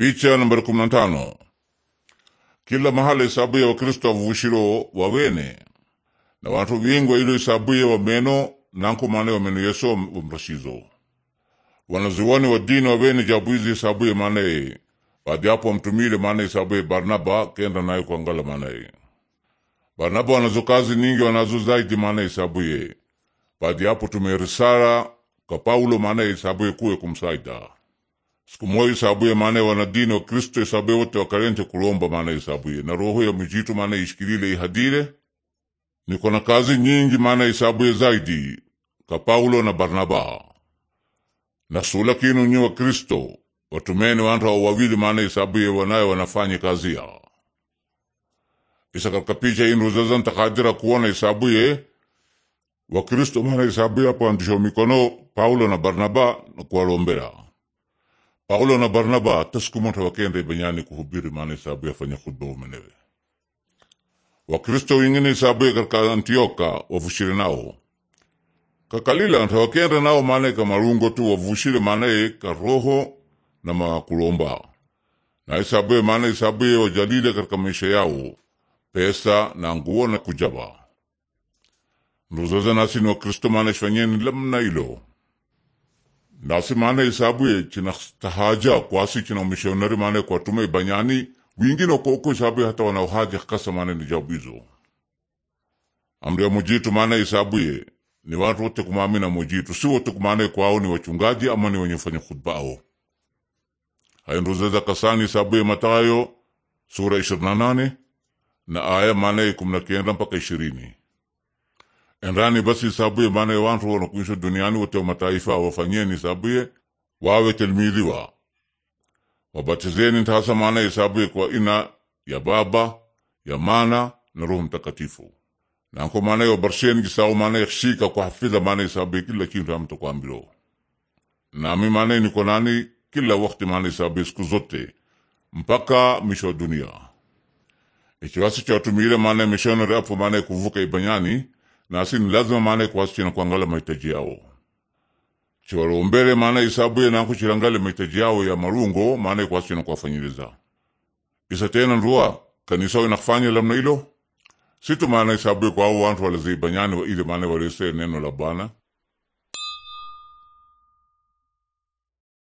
Picha nambari kumi na tano. Kila mahali isabuye Wakristo wavushiro wawene na watu vingwa ilo isabuye wameno nankumane wameno Yesu wamrasizo wanazuwani wa dini wawene jabuizi isabuye manaye badiapo wamtumile manaye isabuye Barnaba kenda naye kuangala manaye Barnaba wanazo kazi ningi wanazo zaidi manaye isabuye badiapo tumerisara ka Paulo manaye isabuye kuwe kumsaida siku moya isabuye maana wanadini wa Kristo isabuye wote wakarente kulomba maana isabuye na roho ya mjitu maana ishikilile ihadile niko na kazi nyingi maana isabuye zaidi ka Paulo na Barnaba na sula kinu nyi wa Kristo watumeni wantu hao wawili maana isabuye wanaye wanafanya kazi ya isakakapicha inruzazan takadira kuona isabuye wa Kristo maana isabuye hapo andisho mikono Paulo na Barnaba na kuwalombela Paulo na Barnaba tasikumontha wakende banyani kuhubiri maana isabuye yafanya huduma newe. Wakristo wengine ya katika Antioka wavushire nao. Kakalila ntha nao maana kamarungo tu wavushire maana ka roho na makulomba. Na isabuye maana isabuye wajalile katika maisha yao pesa na nguo na kujaba. Mruzaza nasi ni Wakristo maana shifanyeni lamna ilo nasi mane isabu ye china tahaja kwasi china mishonari mane kwa tume banyani wingine koko isabu hata wana haja kasa mane ni jabu hizo amri ya mujitu mane isabu ye ni watu wote kumamina mujitu si wote kumana kwao ni wachungaji ama ni wenye fanya khutba ao hainduzeza kasani isabu ye Mathayo sura ishirini na aya mane kumi na mpaka ishirini enrani basi isabuye maana ya wantu wanakuisho duniani wote wa mataifa wafanyieni isabuye wawe telmizi wa wabatizeni ntahasa maana isabuye kwa ina ya Baba ya mana na Roho Mtakatifu nanko maana ya wabarsheni gisao maana ya shika kwa hafidha maana isabuye kila kintu amtakwambilo nami maana niko nani kila wakati maana isabuye siku zote mpaka misho wa dunia ikiwasi chatumile maana mishonari apo maana ya kuvuka ibanyani na asini lazima maana ikwasi nakuangala mahitaji yao chiwalombele maana isabu naku chilangale mahitaji yao ya marungo maana na kuwafanyiliza isa tena ndua kanisa inakufanya lamna ilo situ maana isabuye kwao wantu walazibanyani ile maana walese neno la Bwana